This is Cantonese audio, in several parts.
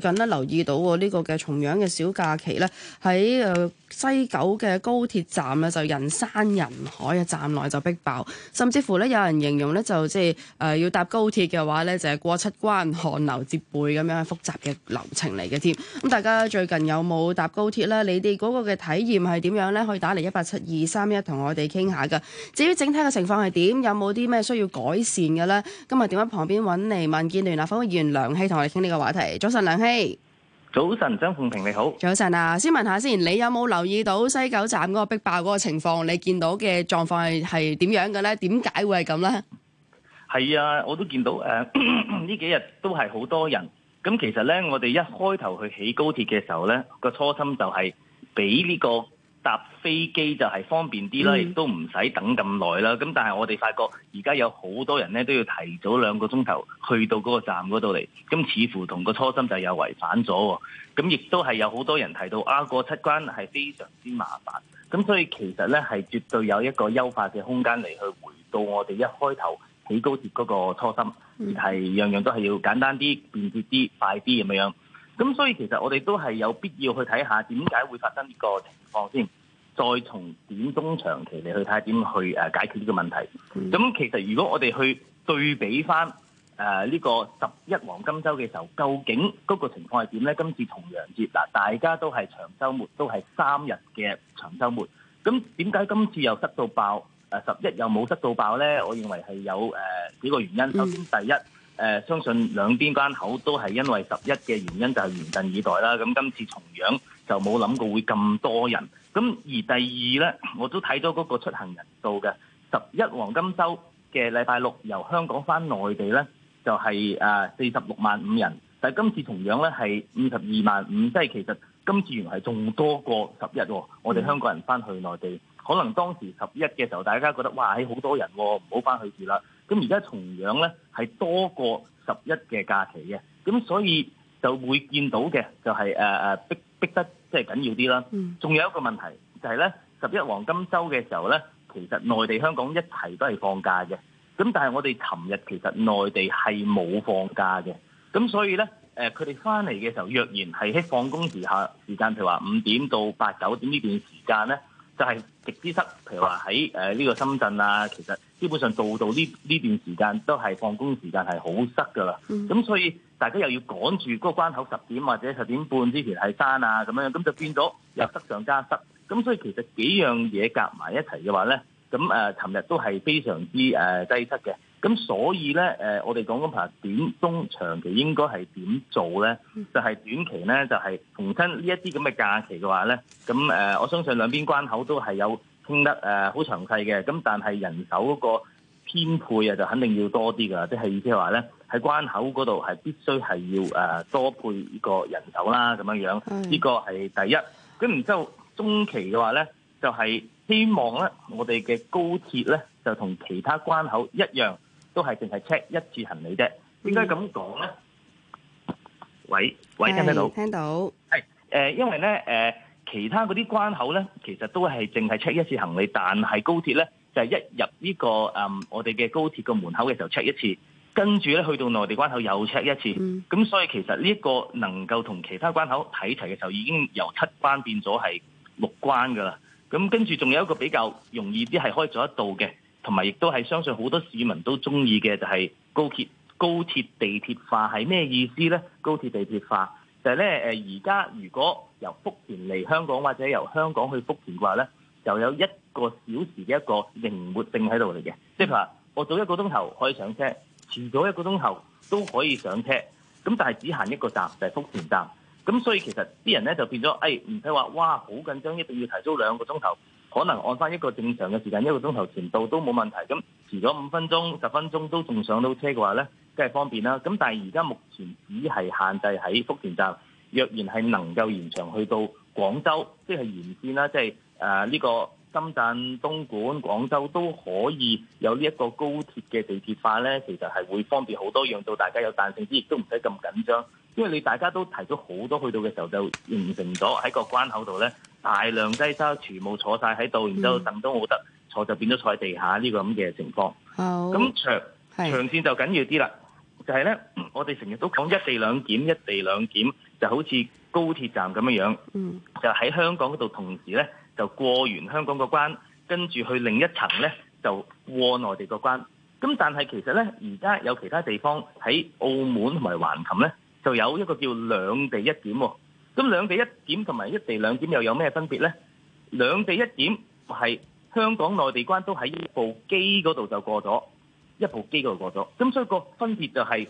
最近咧留意到呢、這個嘅重陽嘅小假期咧，喺誒、呃、西九嘅高鐵站咧就人山人海啊，站內就逼爆，甚至乎咧有人形容咧就即係誒要搭高鐵嘅話咧就係、是、過七關、汗流浹背咁樣的複雜嘅流程嚟嘅添。咁、嗯、大家最近有冇搭高鐵呢？你哋嗰個嘅體驗係點樣呢？可以打嚟一八七二三一同我哋傾下噶。至於整體嘅情況係點？有冇啲咩需要改善嘅呢？今日電話旁邊揾嚟民建聯立法會議員梁熙同我哋傾呢個話題。早晨，梁 Hey, 早晨，張鳳平你好。早晨啊，先問下先，你有冇留意到西九站嗰個逼爆嗰個情況？你見到嘅狀況係係點樣嘅咧？點解會係咁咧？係啊，我都見到誒，呢、呃、幾日都係好多人。咁其實咧，我哋一開頭去起高鐵嘅時候咧，個初心就係俾呢個。搭飛機就係方便啲啦，亦都唔使等咁耐啦。咁但係我哋發覺而家有好多人咧都要提早兩個鐘頭去到嗰個站嗰度嚟，咁似乎同個初心就有違反咗喎。咁亦都係有好多人提到啊，過七關係非常之麻煩。咁所以其實咧係絕對有一個優化嘅空間嚟去回到我哋一開頭起高鐵嗰個初心，嗯、而係樣樣都係要簡單啲、便捷啲、快啲咁樣。咁所以其實我哋都係有必要去睇下點解會發生呢個情況先，再從短中長期嚟去睇下點去誒解決呢個問題。咁其實如果我哋去對比翻誒呢個十一黃金週嘅時候，究竟嗰個情況係點咧？今次重陽節嗱，大家都係長週末，都係三日嘅長週末。咁點解今次又塞到爆？誒十一又冇塞到爆咧？我認為係有誒幾個原因。首先第一。誒，相信兩邊關口都係因為十一嘅原因就係嚴陣以待啦。咁今次重陽就冇諗過會咁多人。咁而第二呢，我都睇到嗰個出行人數嘅十一黃金週嘅禮拜六由香港翻內地呢，就係四十六萬五人。但今次重陽呢，係五十二萬五，即係其實今次原來係仲多過十一，哦。我哋香港人翻去內地，嗯、可能當時十一嘅時候，大家覺得哇，係好多人，哦，唔好翻去住啦。咁而家同樣咧係多過十一嘅假期嘅，咁所以就會見到嘅就係誒誒逼逼得即係緊要啲啦。仲有一個問題就係咧十一黃金週嘅時候咧，其實內地香港一齊都係放假嘅。咁但係我哋尋日其實內地係冇放假嘅，咁所以咧誒佢哋返嚟嘅時候，若然係喺放工時下時間，譬如話五點到八九點呢段時間咧。就係極之塞，譬如話喺呢個深圳啊，其實基本上到到呢呢段時間都係放工時間係好塞噶啦，咁、嗯、所以大家又要趕住嗰個關口十點或者十點半之前喺山啊咁樣，咁就變咗又塞上加塞，咁是的 所以其實幾樣嘢夾埋一齊嘅話咧，咁誒尋日都係非常之誒擠塞嘅。咁所以咧，誒，我哋講緊嗰排短中長期應該係點做咧？就係、是、短期咧，就係重新呢一啲咁嘅假期嘅話咧，咁誒，我相信兩邊關口都係有傾得誒好詳細嘅。咁但係人手嗰個編配啊，就肯定要多啲噶，即係意思話咧，喺關口嗰度係必須係要誒多配個人手啦，咁樣樣呢個係第一。咁然之後中期嘅話咧，就係、是、希望咧，我哋嘅高鐵咧就同其他關口一樣。都係淨係 check 一次行李啫，應該咁講咧。喂喂，聽唔聽到？聽到。係誒，因為咧誒，其他嗰啲關口咧，其實都係淨係 check 一次行李，但係高鐵咧就係一入呢個誒我哋嘅高鐵嘅門口嘅時候 check 一次，跟住咧去到內地關口又 check 一次，咁所以其實呢一個能夠同其他關口睇齊嘅時候，已經由七關變咗係六關噶啦。咁跟住仲有一個比較容易啲係可以做得到嘅。同埋亦都係相信好多市民都中意嘅，就係高鐵高鐵地鐵化係咩意思呢？高鐵地鐵化就係咧，而家如果由福田嚟香港或者由香港去福田嘅話呢，就有一個小時嘅一個靈活性喺度嚟嘅。即係話我早一個鐘頭可以上車，遲咗一個鐘頭都可以上車。咁但係只限一個站就係、是、福田站。咁所以其實啲人呢，就變咗誒，唔使話哇好緊張，一定要提早兩個鐘頭。可能按翻一個正常嘅時間，一個鐘頭前到都冇問題。咁遲咗五分鐘、十分鐘都仲上到車嘅話呢，梗係方便啦。咁但係而家目前只係限制喺福田站。若然係能夠延長去到廣州，即係延線啦，即係誒呢個深圳、東莞、廣州都可以有呢一個高鐵嘅地鐵化呢。其實係會方便好多，讓到大家有彈性啲，亦都唔使咁緊張。因為你大家都提咗好多去到嘅時候就完成咗喺個關口度呢。大量低沙全部坐晒喺度，然之後凳都冇得、嗯、坐，就變咗坐喺地下呢、這個咁嘅情況。咁好長是長線就緊要啲啦，就係、是、咧，我哋成日都講一地兩檢，一地兩檢就好似高鐵站咁樣、嗯、就喺香港嗰度同時咧就過完香港個關，跟住去另一層咧就過內地個關。咁但係其實咧，而家有其他地方喺澳門同埋橫琴咧，就有一個叫兩地一檢喎、哦。咁兩地一檢同埋一地兩檢又有咩分別呢？兩地一檢係香港內地關都喺一部機嗰度就過咗，一部機嗰度過咗。咁所以個分別就係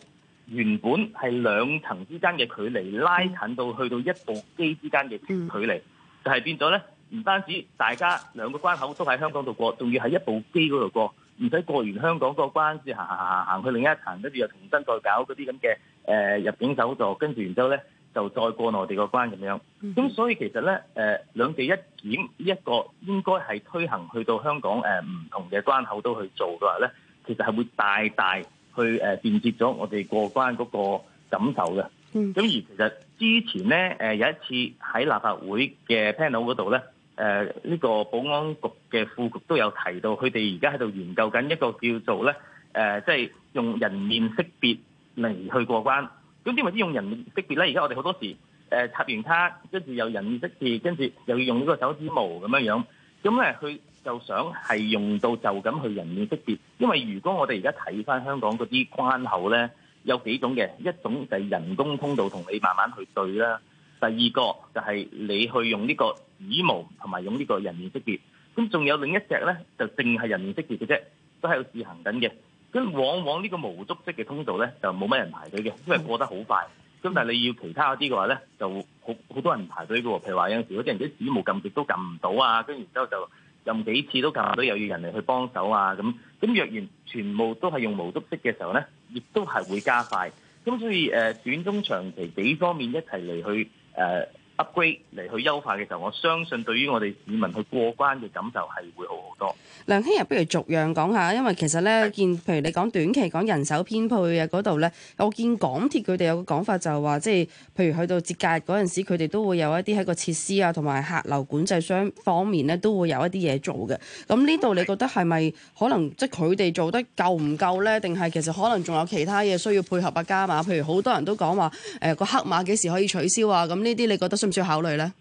原本係兩層之間嘅距離拉近到去到一部機之間嘅距離，就係變咗呢。唔單止大家兩個關口都喺香港度過，仲要喺一部機嗰度過，唔使過完香港嗰個關先行行行行去另一層，跟住又重新再搞嗰啲咁嘅誒入境手續，跟住然之後呢。就再過內地個關咁樣，咁所以其實咧，誒兩地一檢呢一個應該係推行去到香港誒唔同嘅關口都去做嘅話咧，其實係會大大去誒便捷咗我哋過關嗰個感受嘅。咁而其實之前咧，誒有一次喺立法會嘅 panel 嗰度咧，誒、呃、呢、呢個保安局嘅副局都有提到，佢哋而家喺度研究緊一個叫做咧，誒即係用人面識別嚟去過關。咁點解唔用人面識別咧？而家我哋好多時誒、呃、插完卡，跟住又人面識別，跟住又要用呢個手指模咁樣樣，咁咧佢就想係用到就咁去人面識別。因為如果我哋而家睇翻香港嗰啲關口咧，有幾種嘅，一種就係人工通道同你慢慢去對啦，第二個就係你去用呢個指模同埋用呢個人面識別，咁仲有另一隻咧就淨係人面識別嘅啫，都係要試行緊嘅。咁往往呢個無足式嘅通道咧，就冇乜人排隊嘅，因為過得好快。咁但係你要其他嗰啲嘅話咧，就好好多人排隊喎。譬如話有陣時嗰啲人啲指模撳極都撳唔到啊，跟然之後就撳幾次都撳唔到，又要人嚟去幫手啊咁。咁若然全部都係用無足式嘅時候咧，亦都係會加快。咁所以誒、呃，短中長期幾方面一齊嚟去誒。呃 Upgrade 嚟去優化嘅時候，我相信對於我哋市民去過關嘅感受係會好好多。梁熙，不如逐樣講下，因為其實咧，見譬如你講短期講人手編配嗰度咧，我見港鐵佢哋有個講法就話，即係譬如去到節假日嗰陣時，佢哋都會有一啲喺個設施啊同埋客流管制雙方面咧，都會有一啲嘢做嘅。咁呢度你覺得係咪可能即係佢哋做得夠唔夠咧？定係其實可能仲有其他嘢需要配合啊加碼？譬如好多人都講話誒個黑馬幾時可以取消啊？咁呢啲你覺得？需唔需要考慮咧。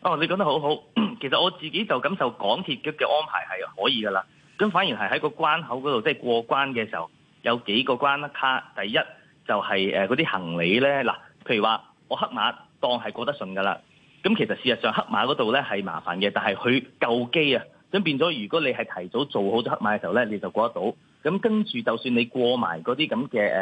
哦，你講得好好。其實我自己就感受港鐵嘅安排係可以噶啦。咁反而係喺個關口嗰度，即係過關嘅時候，有幾個關卡。第一就係誒嗰啲行李咧。嗱，譬如話我黑馬當係過得順噶啦。咁其實事實上黑馬嗰度咧係麻煩嘅，但係佢舊機啊，咁變咗如果你係提早做好咗黑馬嘅時候咧，你就過得到。咁跟住就算你過埋嗰啲咁嘅誒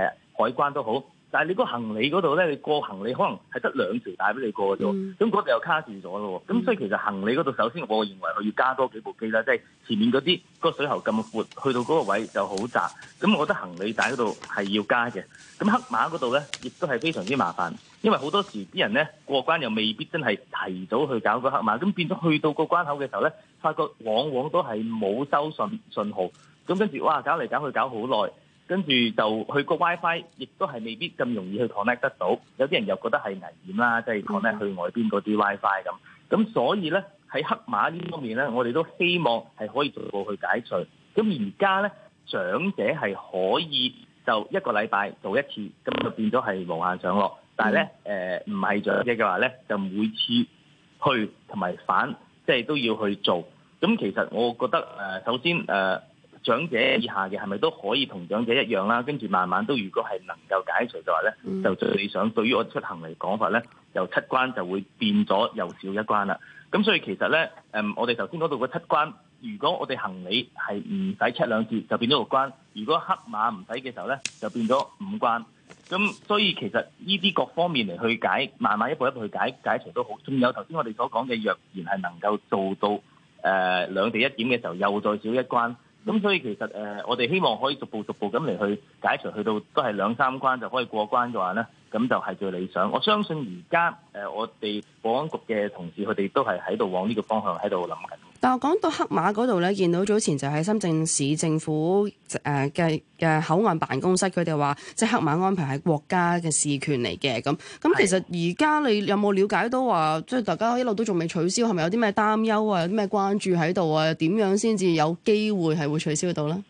海關都好。但係你個行李嗰度咧，你過行李可能係得兩條帶俾你過嘅啫，咁嗰度又卡住咗咯。咁所以其實行李嗰度首先我認為要加多幾部機啦，即係前面嗰啲個水喉咁闊，去到嗰個位就好窄。咁我覺得行李帶嗰度係要加嘅。咁黑馬嗰度咧，亦都係非常之麻煩，因為好多時啲人咧過關又未必真係提早去搞個黑馬，咁變咗去到個關口嘅時候咧，發覺往往都係冇收信信號，咁跟住哇搞嚟搞去搞好耐。跟住就去個 WiFi，亦都係未必咁容易去 connect 得到。有啲人又覺得係危險啦，即係 connect 去外邊嗰啲 WiFi 咁。咁所以咧，喺黑馬呢方面咧，我哋都希望係可以逐步去解除。咁而家咧，長者係可以就一個禮拜做一次，咁就變咗係無限上落。但係咧，誒唔係長者嘅話咧，就每次去同埋返，即係都要去做。咁其實我覺得誒，首先誒。長者以下嘅係咪都可以同長者一樣啦？跟住慢慢都如果係能夠解除嘅話咧，就最理想對於我出行嚟講法咧，由七關就會變咗又少一關啦。咁所以其實咧，誒我哋頭先講到個七關，如果我哋行李係唔使 check 兩次，就變咗六關；如果黑馬唔使嘅時候咧，就變咗五關。咁所以其實呢啲各方面嚟去解，慢慢一步一步去解解除都好。仲有頭先我哋所講嘅，若然係能夠做到誒兩地一點嘅時候，又再少一關。咁所以其實誒，我哋希望可以逐步逐步咁嚟去解除，去到都係兩三關就可以過關嘅話咧，咁就係最理想。我相信而家誒，我哋保安局嘅同事，佢哋都係喺度往呢個方向喺度諗緊。啊，講到黑馬嗰度咧，見到早前就喺深圳市政府誒嘅嘅口岸辦公室，佢哋話即係黑馬安排喺國家嘅事權嚟嘅咁。咁其實而家你有冇了解到話，即係大家一路都仲未取消，係咪有啲咩擔憂啊？有啲咩關注喺度啊？點樣先至有機會係會取消到咧？誒嗱、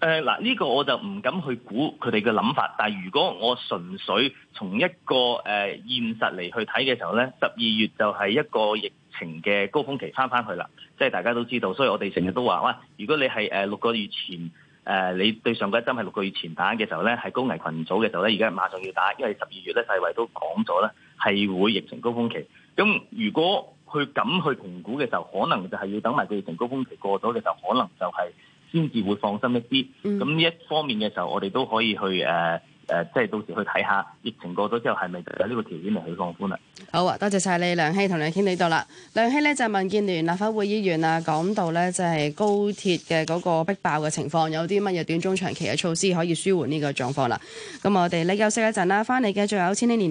呃，呢、這個我就唔敢去估佢哋嘅諗法，但係如果我純粹從一個誒、呃、現實嚟去睇嘅時候咧，十二月就係一個疫情嘅高峰期返返去啦，即係大家都知道，所以我哋成日都話哇，如果你係誒六個月前誒，你對上個一針係六個月前打嘅時候咧，係高危群組嘅時候咧，而家馬上要打，因為十二月咧世衞都講咗咧，係會疫情高峰期。咁如果佢敢去評估嘅時候，可能就係要等埋佢疫情高峰期過咗嘅時候，可能就係先至會放心一啲。咁呢一方面嘅時候，我哋都可以去誒。呃誒，即係到時去睇下疫情過咗之後係咪有呢個條件嚟去放寬啦？好啊，多謝晒你梁熙同梁熙你到啦。梁熙呢就係、是、民建聯立法會議員啊，講到呢就係、是、高鐵嘅嗰個逼爆嘅情況，有啲乜嘢短中長期嘅措施可以舒緩呢個狀況啦。咁我哋呢休息一陣啦，翻嚟嘅最後千禧年代。